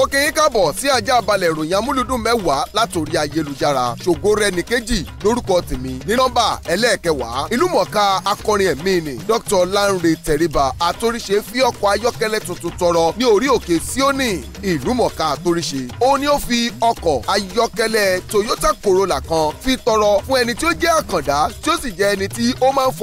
mo kì í káàbọ̀ sí ajá balẹ̀ ìròyìn amúlùdùn mẹ́wàá látòrí ayélujára ṣògo rẹni kejì lórúkọ tèmi ní nọ́mbà ẹlẹ́ẹ̀kẹwàá ìlúmọ̀ọ́ká akọrin ẹ̀mí ni Dr. Lanre Tẹ̀ríba àtòríṣe fi ọkọ̀ ayọ́kẹ́lẹ́ tuntun tọrọ ní orí òkè Síónì ìlúmọ̀ọ́ká àtòríṣe ó ní ó fi ọkọ̀ ayọ́kẹ́lẹ́ Toyota Corolla kan fi tọrọ fún ẹni tí ó jẹ́ àkàndá tí ó sì jẹ́ ẹni tí ó máa ń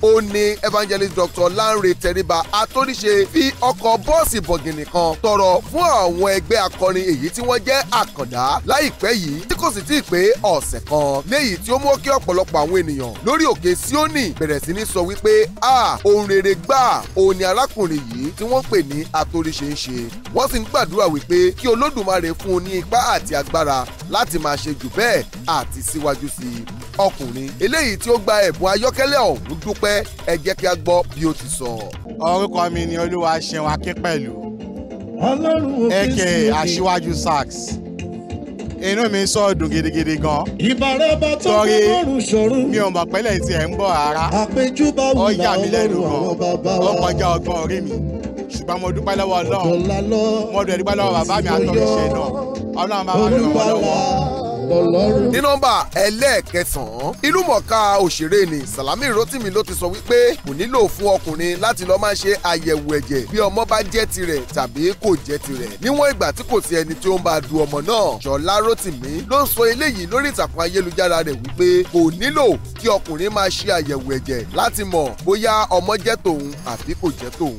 fọn evangelist Dr. Lanre Tẹ̀ríba tẹríba atóníṣe fi ọkọ̀ bọ́ọ̀sì bọ̀gìnì kan tọrọ fún àwọn ẹgbẹ́ akọrin èyí tí wọ́n jẹ́ àkàndá láìpẹ́ yìí tí kò sì tí ì pé ọ̀sẹ̀ kan léyìí tí ó mú kí ọ̀pọ̀lọpọ̀ àwọn ènìyàn lórí òkè Síónì bẹ̀rẹ̀ sí ní sọ wípé a ohun rere gbà òun ni arákùnrin yìí tí wọ́n pè ní atóníṣe ń ṣe wọ́n sì ń gbàdúrà wípé kí Olódùmarè fún un ní ipá àti agbára láti máa ṣe jù bẹ́ẹ̀ àti síwájú sí i ọkùnrin eléyìí tí ó gba ẹ̀bùn ayọ́kẹ́lẹ́ ọ̀hún dúpẹ́ ẹ jẹ́ kí a gbọ́ bí ó ti sọ. orúkọ mi ni olúwa ṣeun akínpẹ̀lú aka aṣíwájú sax inú mi sọ dùn gidigidi gan. ìbáraba tó lọ́rùn ṣòro. mi ò mọ̀ pẹ́lẹ́ tí ẹ̀ ń bọ̀ rárá. àpèjúbà wù láwọn ọlọ́run àwọn bàbá wa. ó kọjá ọgbọ́n orí mi ṣùgbọ́n mo dúpẹ́ lọ́wọ́ ọlọ́run mo dúpẹ́ lọ́wọ́ bàbá mi àtọ́ mi ṣe náà ọlọ́run bá wà mí lọ́wọ́ lọ́wọ́ ní nọ́mbà ẹlẹ́ẹ̀kẹsàn-án ìlúmọ̀ọ́ká òṣèré ni Salami Rotimi ló ti sọ wípé kò nílò fún ọkùnrin láti lọ́ọ́ máa ṣe àyẹ̀wò ẹ̀jẹ̀ bí ọmọ bá jẹ́ tirẹ̀ tàbí kò jẹ́ tirẹ̀ níwọ̀n ìgbà tí kò sí ẹni tí ó ń bá du ọmọ náà Ṣọlá Rotimi ló ń sọ eléyìí lórí ìtàkùn ayélujára rẹ̀ wípé kò nílò kí ọkùnrin máa ṣe àyẹ̀wò ẹ̀jẹ̀ láti mọ̀ bóyá ọmọ jẹ́ tòun àbí kò jẹ́ tòun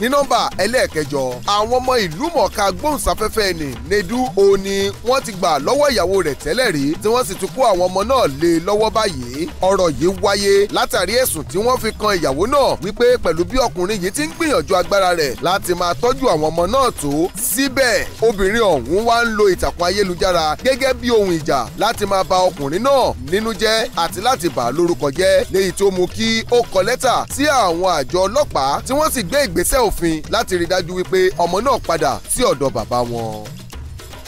ní nọ́mbà ẹlẹ́ẹ̀kẹjọ àwọn ọmọ ìlú mọ̀ọ́ká gbóhùnsáfẹ́fẹ́ ni Nedu Oni wọ́n ti gbà lọ́wọ́ ìyàwó rẹ̀ tẹ́lẹ̀ rí tí wọ́n sì tún kó àwọn ọmọ náà lé e lọ́wọ́ báyìí ọ̀rọ̀ yìí wáyé látàrí ẹ̀sùn tí wọ́n fi kan ìyàwó náà wípé pẹ̀lú bí ọkùnrin yìí ti ń gbìyànjú agbára rẹ̀ láti máa tọ́jú àwọn ọmọ náà tó síbẹ̀ obìnrin ọ̀hún wá ń lo ìtàkùn ayélujára gẹ́gẹ́ bí ohun ìjà láti máa ba ọkùnrin náà nínú jẹ́ àti láti bà á lórúkọ jẹ́ léyìí tó mú kí ó kọ lẹ́tà sí àwọn àjọ ọlọ́pàá tí wọ́n sì gbé ìgbésẹ̀ òfin láti rí dájú wípé ọmọ náà padà sí ọ̀dọ̀ bàbá wọn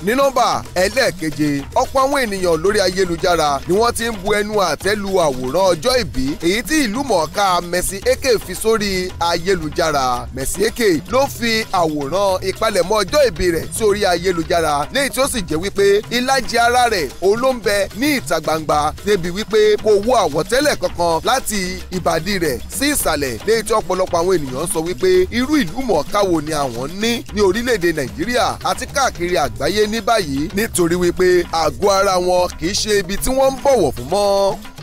ní nọ́mbà ẹlẹ́ẹ̀keje ọ̀pọ̀ àwọn ènìyàn lórí ayélujára ni wọ́n ti ń bu ẹnu àtẹ́ lu àwòrán ọjọ́ ìbí èyí tí ìlú mọ̀ọ́ká Mercy Eke fi sórí ayélujára Mercy Eke ló fi àwòrán ìpalẹ̀mọ́ ọjọ́ ìbí rẹ̀ sórí ayélujára léyìí tí ó sì jẹ́ wípé ìlàjì ara rẹ̀ òun ló ń bẹ ní ìta gbangba débi wípé kò wọ àwọ̀tẹ́lẹ̀ kankan láti ìbàdí rẹ̀ sí ìsàlẹ̀ léyìí tí ọ̀pọ̀lọpọ̀ ní báyìí nítorí wípé àgọ́ ara wọn kì í ṣe ibi tí wọ́n ń bọ̀wọ̀ fún mọ́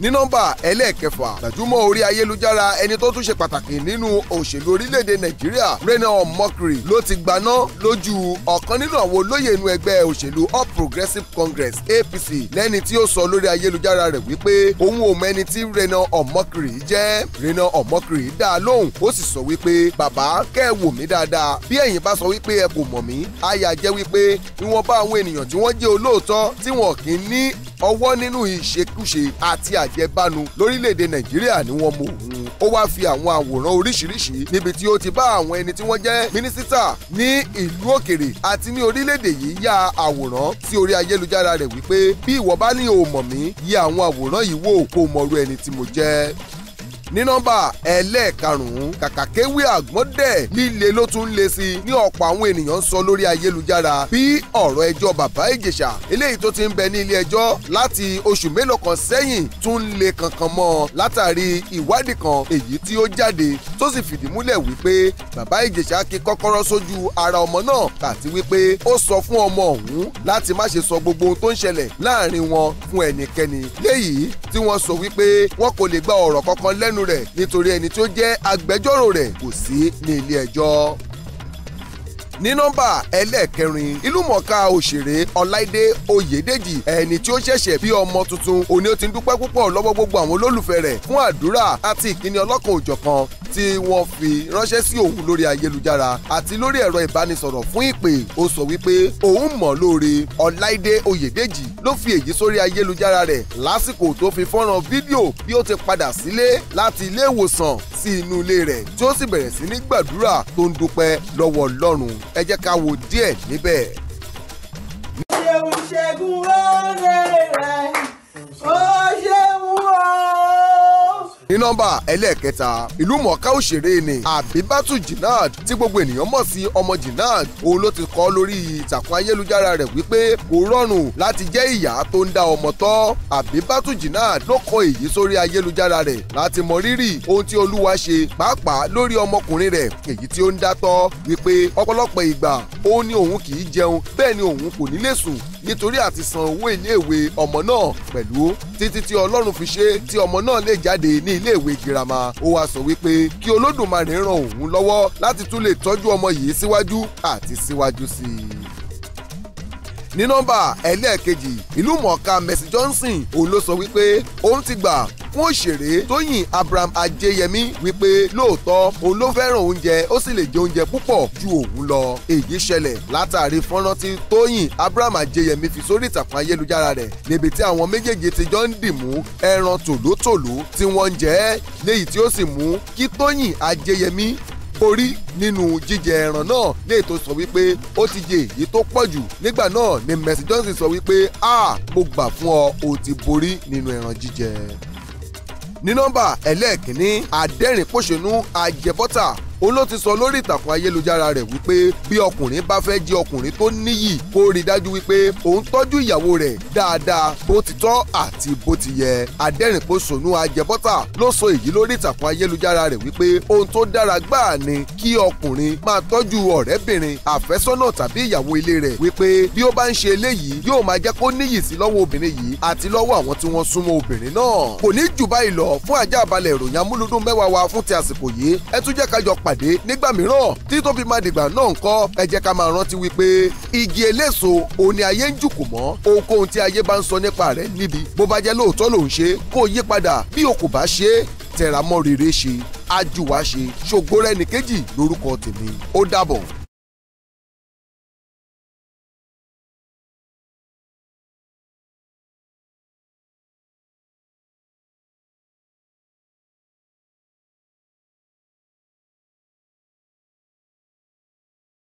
ní nọ́mbà ẹlẹ́ẹ̀kẹfà gbajúmọ̀ orí ayélujára ẹni tó tún ṣe pàtàkì nínú òṣèlú orílẹ̀-èdè nàìjíríà Reno Omokri ló ti gbaná lójú ọ̀kan nínú àwọn olóyè inú ẹgbẹ́ òṣèlú All Progressives Congress APC lẹ́ni tí ó sọ lórí ayélujára rẹ̀ wípé òun ò mẹ́ni tí Reno Omokri jẹ́ Reno Omokri dá a lóhùn ó sì sọ wípé bàbá kẹ́ ẹ wò mí dáadáa bí ẹ̀yin bá sọ wípé ẹ kò mọ̀ mí àyà jẹ́ wípé ìwọ̀nba àwọn ènìyàn tí wọ́n jẹ́ olóòótọ́ tí wọn kì í ní ọwọ́ nínú ìṣekúṣe àti àjẹbánu lórílẹ̀‐èdè nàìjíríà ni wọ́n mú òun ó wáá fi àwọn àwòrán oríṣiríṣi níbi tí ó ti bá àwọn ẹni tí wọ́n jẹ́ mínísítà ní ìlú òkèrè àti ní orílẹ̀‐èdè yìí ya àwòrán sí orí ayélujára rẹ̀ wípé bí ìwọ bá ní o mọ̀ mí yí àwọn àwòrán yìí wò kó o mọ̀rú ẹni tí mo jẹ́ ní nọ́mbà ẹlẹ́ẹ̀karùn-ún kàkàkéwé àgbọ̀ndẹ̀ líle ló tún le sí i ní ọ̀pọ̀ àwọn ènìyàn ń sọ lórí ayélujára bí ọ̀rọ̀ ẹjọ́ bàbá ìjẹ̀ṣà eléyìí tó ti ń bẹ ní ilé ẹjọ́ láti oṣù mélòó kan sẹ́yìn tún le kankan mọ́ látàrí ìwádìí kan èyí tí ó jáde tó sì fìdí múlẹ̀ wípé bàbá ìjẹ̀ṣà kí kọ́kọ́rọ́ sójú ara ọmọ náà àti wípé ó sọ fún ọmọ ọ̀hún láti má ṣe sọ gbogbo ohun tó ń ṣẹlẹ̀ láàrin wọn fún ẹnikẹ́ni léyìí tí wọ́n sọ wípé wọn kò lè gba ọ̀rọ̀ kankan lẹ́nu lẹ́nu rẹ̀ nítorí ẹni tó jẹ́ agbẹjọ́rò rẹ̀ kò sí ní ilé ẹjọ́ ní nọ́mbà ẹlẹ́ẹ̀kẹrin ìlúmọ̀ọ́ká òṣèré ọláìdé oyèdèjì ẹni tí ó ṣẹ̀ṣẹ̀ bí ọmọ tuntun òní ó ti ń dúpẹ́ púpọ̀ lọ́wọ́ gbogbo àwọn olólùfẹ́ rẹ̀ fún àdúrà àti ìkíni ọlọ́kan òjọ̀kan tí wọ́n fi ránṣẹ́ sí òun lórí ayélujára àti lórí ẹ̀rọ ìbánisọ̀rọ̀ fún ìpè ó sọ wípé òun mọ̀ lóore ọláìdé oyèdèjì ló fi èyí sórí ayélujára rẹ̀ lásìkò tó fi fọ́nrán fídíò bí ó ti padà sílé láti ilé ìwòsàn sí inú ilé rẹ̀ tí ó sì bẹ̀rẹ̀ sí ní gbàdúrà tó ń dúpẹ́ lọ́wọ́ Ọlọ́run ẹ jẹ́ ká wo díẹ̀ níbẹ̀. ṣé o ṣẹ́gun wá. ní nọ́mbà ẹlẹ́ẹ̀kẹta ìlú mọ̀ọ́ká òṣèré ni àbíbátù jinad tí gbogbo ènìyàn mọ̀ sí ọmọ jinad òun ló ti kọ lórí ìtàkùn ayélujára rẹ̀ wípé kò rọrùn láti jẹ́ ìyá tó ń dá ọmọ tọ́ àbíbátù jinad ló kọ èyí sórí ayélujára rẹ̀ láti mọ rírì ohun tí olúwa ṣe pàápàá lórí ọmọkùnrin rẹ̀ èyí tí ó ń dá wípé ọ̀pọ̀lọpọ̀ ìgbà ó ní òun kì í jẹun bẹ́ẹ̀ ni òun kò ní lè sùn nítorí àti san owó iléèwé ọmọ náà pẹ̀lú títí tí ọlọ́run fi ṣe tí ọmọ náà lè jáde ní iléèwé girama ó wá sọ wípé kí olódùmarè ràn òun lọ́wọ́ láti tún lè tọ́jú ọmọ yìí síwájú àti síwájú sí i ní nọ́mbà ẹlẹ́ẹ̀kejì ìlú mọ̀ọ́ká Mercy Johnson òun ló sọ wípé òun ti gbà fún òṣèré tóyìn abraham Ajayemi wípé lóòótọ́ òun ló fẹ́ràn oúnjẹ ó sì lè jẹ oúnjẹ púpọ̀ ju òun lọ èyí ṣẹlẹ̀ látàrí fọ́nrán tí tóyìn abraham Ajayemi fi sórí ìtàkùn ayélujára rẹ̀ níbi tí àwọn méjèèjì ti jọ ń dìmú ẹran tòlótòló tí wọ́n ń jẹ léyìí tí ó sì mú kí tóyìn ajẹyẹmí borí nínú jíjẹ ẹran náà lè tó sọ wípé ó ti jẹ èyí tó pọ̀ jù nígbà náà ni Mercy Johnson sọ wípé a mo gbà fún ọ o ti borí nínú ẹran jíjẹ ní nọ́mbà ẹlẹ́ẹ̀kínní adẹ́rìn-pọ̀ṣẹ́nu ajẹ́bọ́tà ó ló ti sọ lórí ìtàkùn ayélujára rẹ̀ wípé bí ọkùnrin bá fẹ́ jẹ́ ọkùnrin tó níyì kó rí dájú wípé òun tọ́jú ìyàwó rẹ̀ dáadáa bó ti tọ́ àti bó ti yẹ adẹ́rìnpòṣónú ajẹbọ́tà ló sọ èyí lórí ìtàkùn ayélujára rẹ̀ wípé ohun tó dára gbáà ni kí ọkùnrin máa tọ́jú ọ̀rẹ́bìnrin àfẹ́sọ́nà tàbí ìyàwó ilé rẹ̀ wípé bí ó bá ń ṣe eléyìí yóò máa jẹ́ kó wa fún ti àsìkò yìí pàdé nígbà mìíràn tí tó fi máa dìgbà náà ńkọ́ ẹ jẹ́ ká máa rántí wípé igi eléso òní ayé ń jùkù mọ́ ohunkóhun tí ayé bá ń sọ nípa rẹ̀ níbi bó bá jẹ́ lóòótọ́ ló ń ṣe kó yí padà bí o kò bá ṣe é tẹ̀ramọ́ rere ṣe ajúwa ṣe ṣògbórẹ́nìkejì lórúkọ tèmi ó dàbọ̀.